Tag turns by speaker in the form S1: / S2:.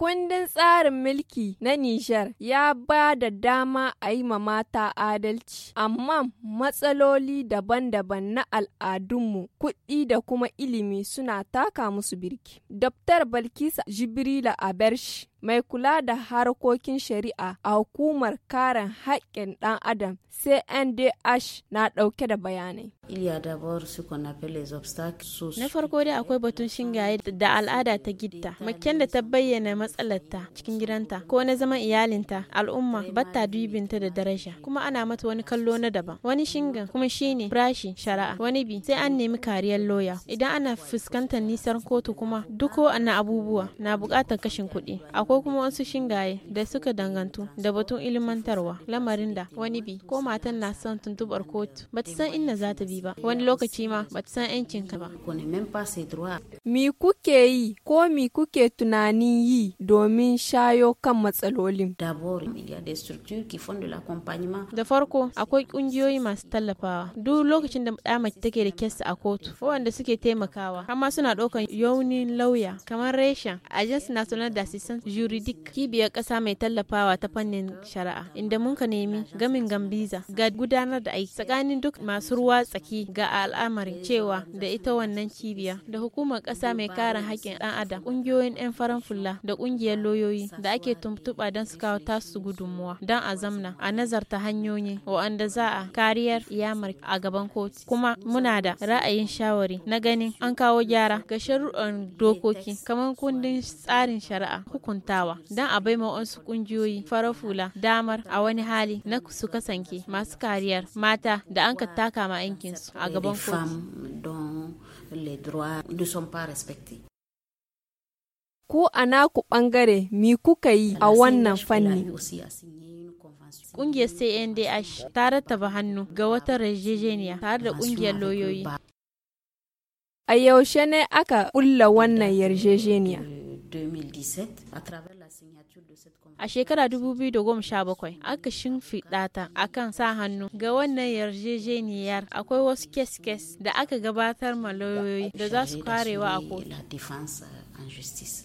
S1: kundin tsarin mulki na Nijar ya ba da dama a yi ma mata adalci, amma matsaloli daban-daban na al'adunmu, kuɗi da kuma ilimi suna taka musu birki. Dr. Balkisa Jibrila Abershi mai kula da harkokin shari'a a hukumar karen haƙƙin ɗan adam cndh na ɗauke da bayanai
S2: Na farko dai akwai batun shingaye da al'ada ta gitta, makken da ta bayyana matsalarta cikin gidanta ko na zaman iyalinta, al'umma batta dubinta da daraja, kuma ana mata wani kallo na daban. Wani shingan kuma shine brashi shari'a, wani bi sai an nemi kariyar loya. Idan ana fuskantar nisan kotu kuma duk na abubuwa na buƙatar kashin kuɗi. Akwai kuma wasu shingaye da suka dangantu da batun ilmantarwa. lamarin da wani bi ko matan na son tuntubar kotu, bata san inda za ta bi ba wani lokaci ma ba ta san 'yancin ka ba.
S1: Mi kuke yi ko mi kuke tunanin yi domin shayo kan matsalolin?
S2: Da farko akwai ƙungiyoyi masu tallafawa duk lokacin da ɗa mace take da kesa a kotu waɗanda suke taimakawa amma suna ɗaukan yaunin lauya kamar reshen agence da d'assistance juridique kibiyar ƙasa mai tallafawa ta fannin shari'a inda mun ka nemi gamin gambiza ga gudanar da aiki tsakanin duk masu ruwa tsaki baki ga al'amarin cewa da ita wannan cibiya da hukumar ƙasa mai kare haƙƙin ɗan adam ƙungiyoyin 'yan farar fulla da ƙungiyar loyoyi da ake tuntuɓa don su kawo tasu gudunmuwa don a zamna a nazarta hanyoyi waɗanda za a kariyar iyamar a gaban kotu kuma muna da ra'ayin shawari na ganin an kawo gyara ga sharuɗan dokoki kamar kundin tsarin shari'a hukuntawa don a bai wasu ƙungiyoyi farar fula damar a wani hali na su kasance masu kariyar mata da an ka taka ma yankin haƙƙinsu a gaban don les droits ne sont pas respectés.
S1: Ko a naku ɓangare mi kuka yi a wannan fanni?
S2: Ƙungiyar CNDH ta rattaba hannu ga wata rajejeniya tare da ƙungiyar lauyoyi.
S1: A yaushe ne aka ƙulla wannan yarjejeniya?
S2: A shekara 2017 aka shimfiɗa ta kan sa hannu ga wannan yarjejeniyar akwai wasu kes-kes da aka gabatar ma lauyoyi da za su karewa a kotu.